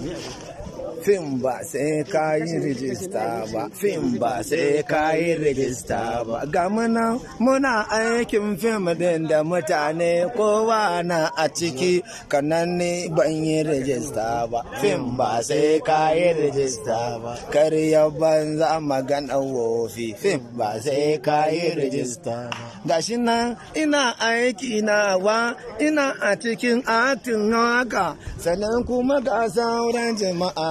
mesmo. fim ba sai ka yi rijista ba fim ba sai ka yi rijista ba ga muna muna aikin fim din da mutane kowa na a ciki kanan ne ban yi rijista ba fim ba sai ka yi rijista ba karya banza magana wofi fim ba sai ka yi rijista ba gashi nan ina aiki nawa ina a cikin atin haka sannan kuma ga sauran jama'a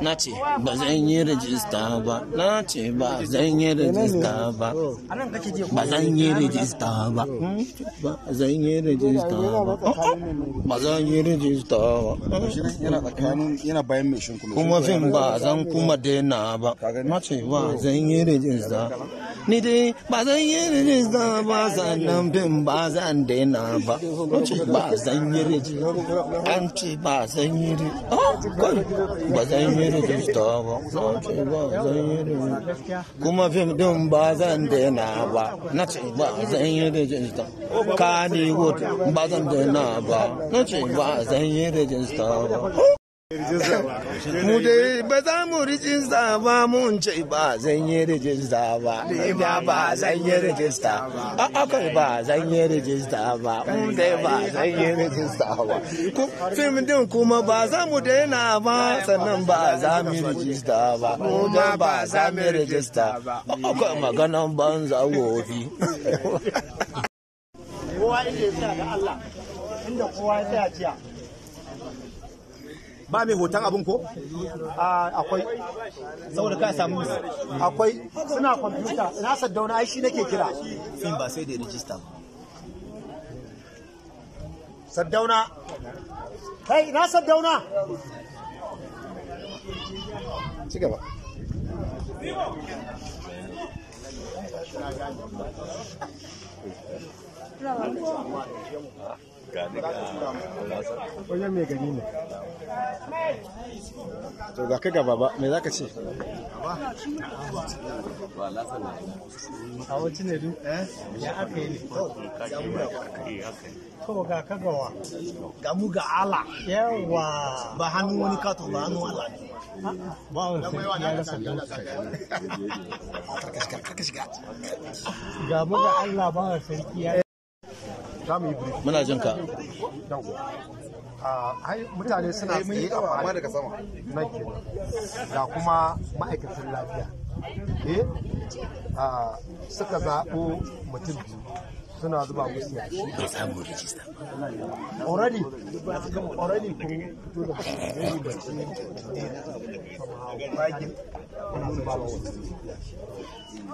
na ce ba zan yi rajista ba na ce ba zan yi rajista ba ba zan yi rajista ba ba zan yi rajista ba ba zan yi rajista ba yana bayan mai shinkulu kuma fim ba zan kuma daina ba na ce ba zan yi rajista ni dai ba zan yi rajista ba sannan fim ba zan daina ba na ce ba zan yi rajista an ce ba zan yi rajista ba zan yi ba ba kuma fim din ba zan dena ba na ce ba zan yi rubuta kani wood ba zan dena ba na ce ba zan yi rubuta ba mu dai ba za mu rijista ba mun ce ba zan yi rijista ba da ba zan yi rijista ba akwai ba zan yi rijista ba mu dai ba zan yi rijista ba fim din kuma ba za mu daina ba sannan ba za mu yi rijista ba mu dai ba za mu yi rijista ba akwai maganan banza wofi kowa yake sa da Allah inda kowa ya tsaya jiya ba mai hoton abin ko akwai saboda ka samu akwai suna kwamfuta na saddauna ai shi nake kira fim ba sai da rijista saddauna kai na saddauna ci gaba Thank you. wajen mai gani ne to ga ka gaba ba me za ka ce a wacce ne ya aka yi to ga ka gawa ga mu ga ala yawa ba hannu wani kato ba hannu ala wani ya rasa ga mu ga allah ba sarki ya za mu yi brief muna jin ka ah, ai mutane suna eh, tsaye a baya daga sama na da kuma ma'aikatan lafiya eh ah, suka zaɓo mutum biyu suna zuba musu ya yashi a samu rijista already already kun fito da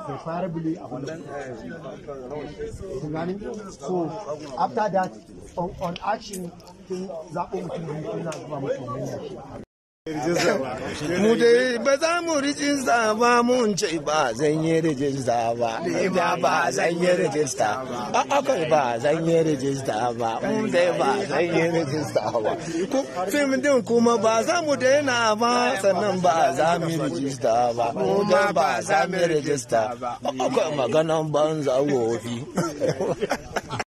preferably so after that on, on action kin zaɓo mutum biyu kuna zuwa mutum Mu dai ba za mu rijista ba mun ce ba zan yi rijista ba. Da ba zan yi rijista ba. Akwai ba zan yi rijista ba. Mu dai ba zan yi rijista ba. Fim din kuma ba za mu daina ba sannan ba za mu yi rijista ba. Mu dai ba za mu yi rijista ba. Akwai maganan banza wofi.